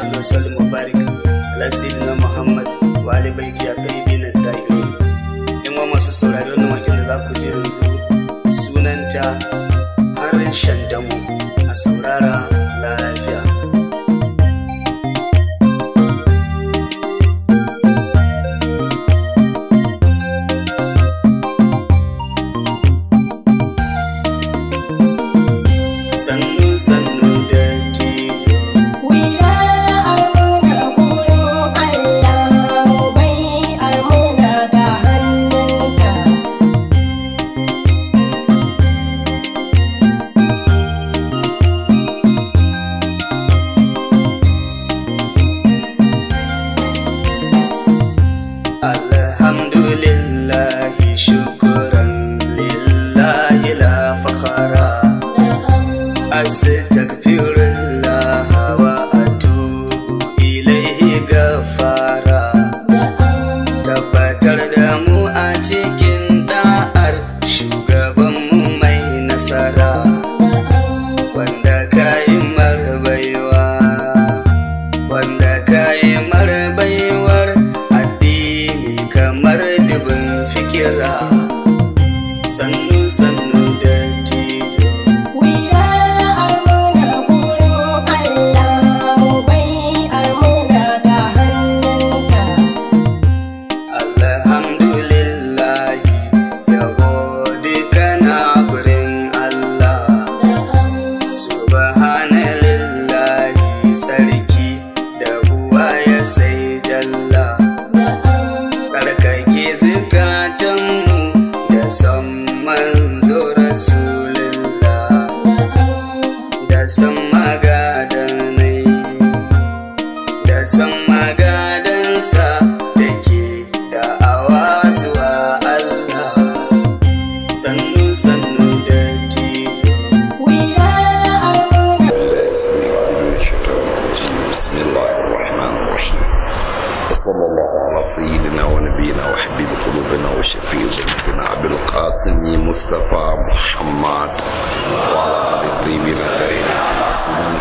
sallu sallu mubarak ala sayyidina muhammad wa ali baiti a tayyibin at-tahirin yan masu saurari wannan waken da za ku je yanzu sunanta harin shandamu a saurara أستغفر الله وأتوب إليه غفارا tabbatar da mu a cikin shugaban mu mai nasara wanda ka yi marbaiwa wanda ka yi marbaiwar addini kamar dubin fikira subhanallah شفيع بن عبد القاسم مصطفى محمد وعلى آل الطيبين الطاهرين المعصومين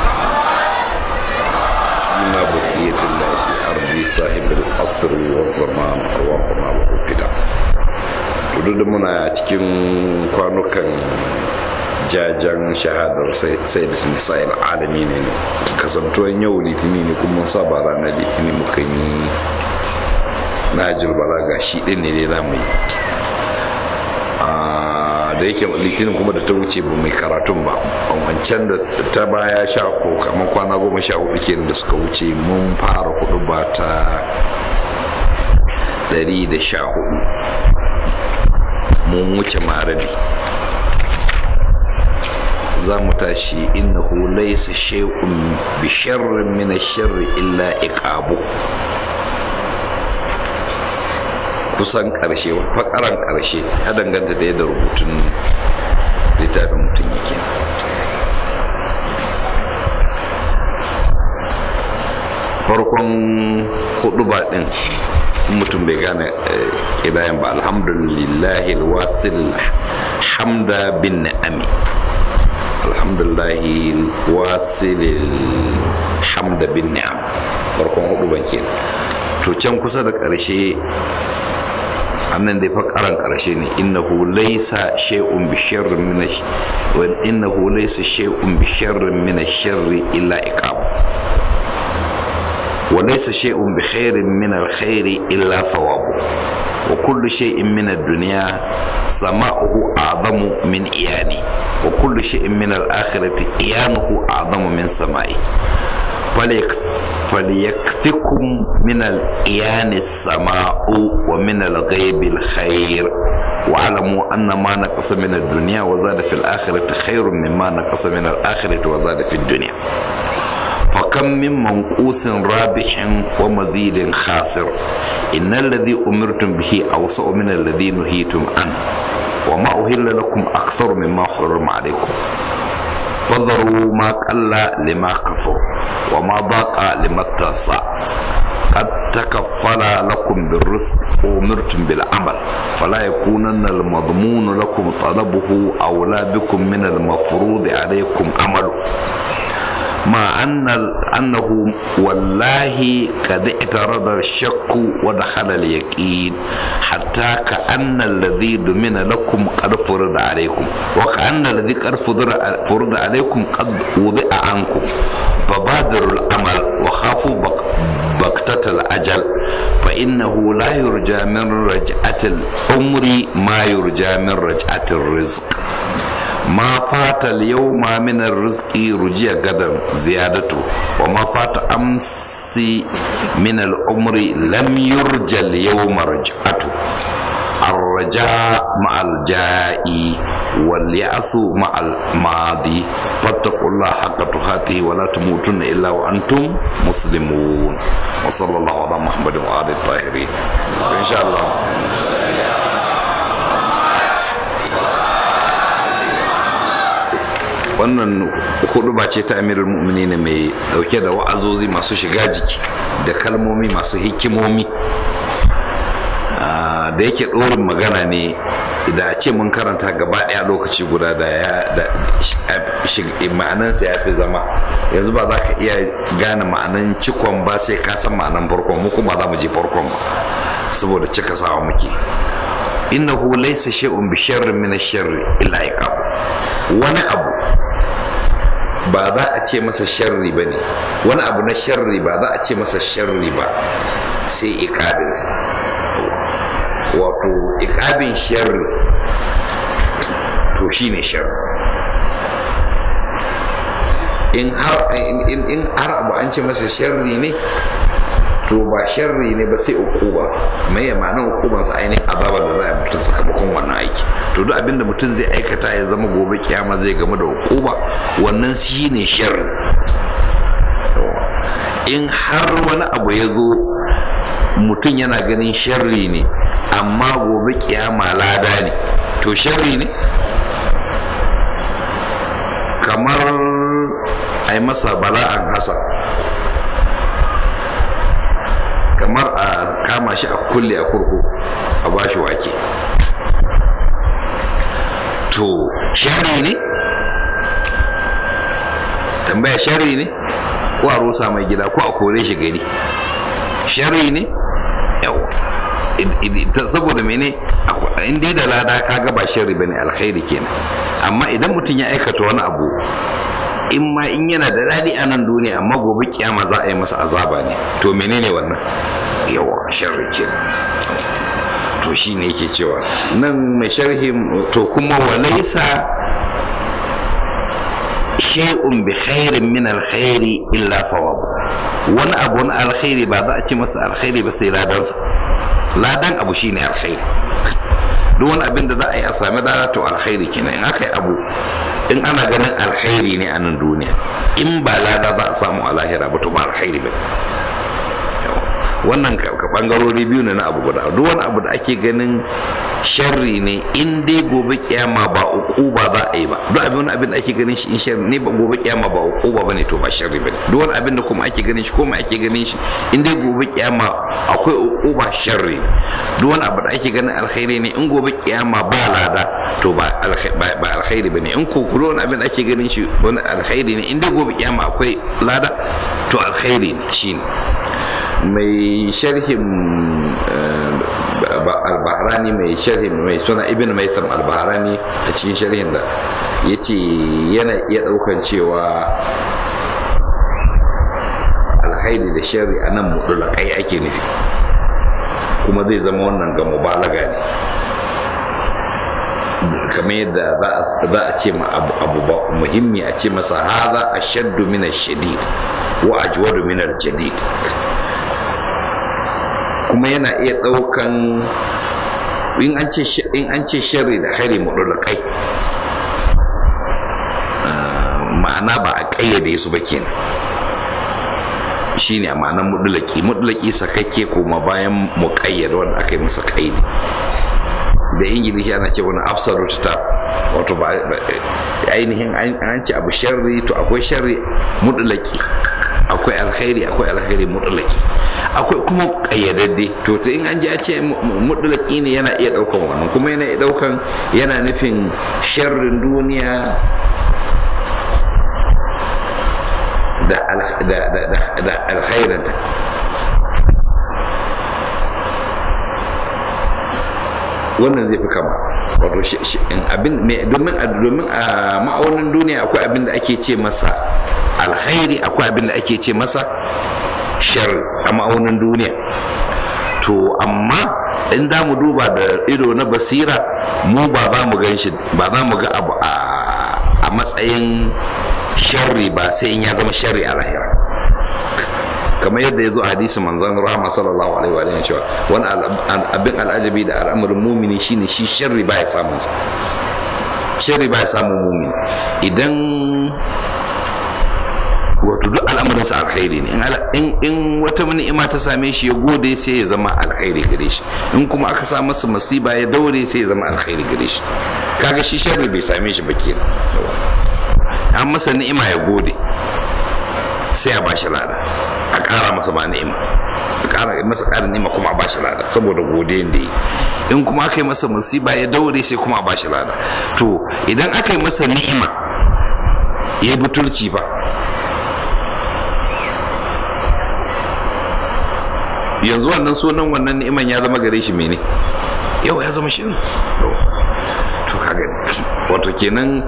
سيما بقية الله في أرض صاحب العصر والزمان أرواحنا وأفدا Tudu muna cikin kwanukan jajen shahadar sai da sun sa'il alami ne kasantuwan yau litini ne kuma saba ranar litini mukan yi na balaga shi ɗin ne za mu yi da yake litinin kuma da ta wuce ba mai karatun ba wancan da ta baya sha ko kamar kwana goma sha hudu kenan da suka wuce mun fara kudu ba ta dari da sha hudu mun wuce marabi za mu tashi ina hulai su bi bishirin mina shirin illa iqabu kusan karshe wata karan karshe ta danganta da yadda rubutun littafin mutum yake farkon hudu ba din mutum bai gane ƙidayen eh, ba alhamdulillahi wasil hamda bin na'ami alhamdulillahi wasil hamda bin na'am farkon hudu ban kenan to can kusa da ƙarshe annan dai fa karan karshe ne innahu laysa shay'un bi sharri min wa innahu laysa shay'un bi sharri min ash-sharri illa iqab wa laysa shay'un bi khairin min al-khairi illa thawab wa kullu shay'in min ad-dunya sama'uhu a'zamu min iyani wa kullu shay'in min al-akhirati iyanuhu a'zamu min sama'i فليك فليك فيكم من الإيان السماء ومن الغيب الخير واعلموا أن ما نقص من الدنيا وزاد في الآخرة خير مما نقص من الآخرة وزاد في الدنيا فكم من منقوص رابح ومزيد خاسر إن الذي أمرتم به أوسع من الذي نهيتم عنه وما أهل لكم أكثر مما حرم عليكم فذروا ما قل لما كفر وما ضاق لما اتسع قد تكفل لكم بالرزق وامرتم بالعمل فلا يكونن المضمون لكم طلبه اولى بكم من المفروض عليكم عمله مع أن أنه والله قد اعترض الشك ودخل اليقين حتى كأن الذي ضمن لكم قد فرض عليكم وكأن الذي قد فرض عليكم قد وضع عنكم فبادروا الأمل وخافوا بقتة الأجل فإنه لا يرجى من رجعة العمر ما يرجى من رجعة الرزق ما فات اليوم من الرزق رجي غدا زيادته وما فات أمس من العمر لم يرجى اليوم رجعته الرجاء مع الجاء واليأس مع الماضي فاتقوا الله حق تقاته ولا تموتن إلا وأنتم مسلمون وصلى الله على محمد وآل الطاهرين إن شاء الله wannan huduba ce ta amirul mu'minin mai dauke da wa'azozi masu shiga jiki da kalmomi masu hikimomi da yake ɗorin magana ne da a ce mun karanta gaba ɗaya lokaci guda da ya da ma'anansa ya fi zama yanzu ba za ka iya gane ma'anan cikon ba sai ka san ma'anan farkon mu kuma za mu je farkon ba saboda cika sawa muke hu laysa shay'un bi sharrin min ash-sharri illa iqab wani abu ba za a ce masa sharri bane wani abu na sharri ba za a ce masa sharri ba sai iqabinsa wato ikabin sharri to shine sharri in har in har abu an ce masa sharri ne to ba sharri ne ba sai ukubansa mai ya ma'anar ukubansa ainihin azaba da za a mutum sakamakon wannan aiki to duk abinda mutum zai aikata ya zama gobe kiyama zai gamu da ukuba wannan shi ne sharri in har wani abu ya zo mutum yana ganin sharri ne amma gobe kiyama lada ne to shari ne kamar a yi masa bala'an hasa kamar a kama shi a kulle a kurku a ba shi wake to shari ne tambaya shari ne ko a rusa mai gida ko a kore shi gari shari ne saboda mene in dai da lada ka ga ba sharri bane alkhairi kenan amma idan mutum ya aikata wani abu in ma in yana da daɗi a nan duniya amma gobe kiyama za a yi masa azaba ne to menene wannan yawa sharri kenan to shi ne yake cewa nan mai sharhi to kuma walaisa shay'un bi khairin min alkhairi illa fawab wani abu na alkhairi ba za a ce masa alkhairi ba sai ladansa ladan abu shine alkhairi duk wani abin da za a yi a sami dara to alkhairi kenan in aka yi abu in ana ganin alkhairi ne a nan duniya in ba lada za a samu a lahira ba to ba alkhairi ba wannan ka bangarori biyu ne na abu guda duk wani abu da ake ganin sharri ne in dai gobe kiyama ba uku ba za wani abin da ake ganin shi in sharri ne ba gobe kiyama ba ko ba bane to ba sharri bane duk wani abin da kuma ake ganin shi ko kuma ake ganin shi in dai gobe kiyama akwai ba sharri duk wani abu da ake ganin alkhairi ne in gobe kiyama ba lada to ba alkhairi bane in ko kuro wani abin da ake ganin shi wani alkhairi ne in dai gobe kiyama akwai lada to alkhairi shine mai sharhin eh, al-bahrani mai sharhin mai suna ibn maisam al-bahrani a cikin sharhin da yace yana iya daukan cewa alkhairi da sharri anan mudulakai ake nufi kuma zai zama wannan ga mubalaga ne kamar yadda za a ce ma abu muhimmi a ce masa haza ashaddu min ash-shadid wa ajwadu min al-jadid kuma yana iya ɗaukan in an ce sharri da hari mudulakai ah, ma'ana ba a ƙayyade su ba kenan shine a ma'anar mudulaki mudulaki sakakke kuma bayan mu ƙayyade wanda aka yi masa ƙaidi da ingilishi ana ce wani absolute ta wato ba ainihin an ce abu sharri to akwai sharri mudulaki akwai alkhairi akwai alkhairi mudulaki akwai kuma kayyadadde to ta in an ji a ce mutlaki ne yana iya daukan wannan kuma yana iya daukan yana nufin sharrin duniya da alkhairanta wannan zai fi kama wato abin domin a domin a ma'aunin duniya akwai abin da ake ce masa alkhairi akwai abin da ake ce masa shar a ma'aunin duniya to amma in za mu duba da ido na basira mu ba za mu gan shi ba za mu ga abu a matsayin sharri ba sai in ya zama sharri a lahira kamar yadda ya zo a hadisin rahama sallallahu alaihi wa alihi cewa wani abin al'ajabi da al'amarin mumini shine shi sharri ba samun samu sharri ya samun mumini idan wato duk al'amuran sa alkhairi ne in in wata ni'ima ta same shi ya gode sai ya zama alkhairi gare shi in kuma aka sa masa masiba ya daure sai ya zama alkhairi gare shi kaga shi sharri bai same shi ba kenan an masa ni'ima ya gode sai a bashi lada a kara masa ba ni'ima a kara masa kara ni'ima kuma a bashi lada saboda godiyan da yi in kuma aka yi masa masiba ya daure sai kuma a bashi lada to idan aka yi masa ni'ima ya butulci ba yanzu wannan sunan wannan ni'iman ya zama gare shi mene yau ya zama shirin to kaga wato kenan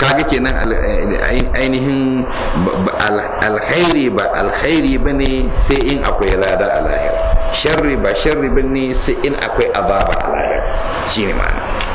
kaga kenan eh, ainihin alkhairi ba alkhairi ba ne sai in akwai rada a lahira sharri ba sharri ba ne sai in akwai azaba a lahira shi ne ma'ana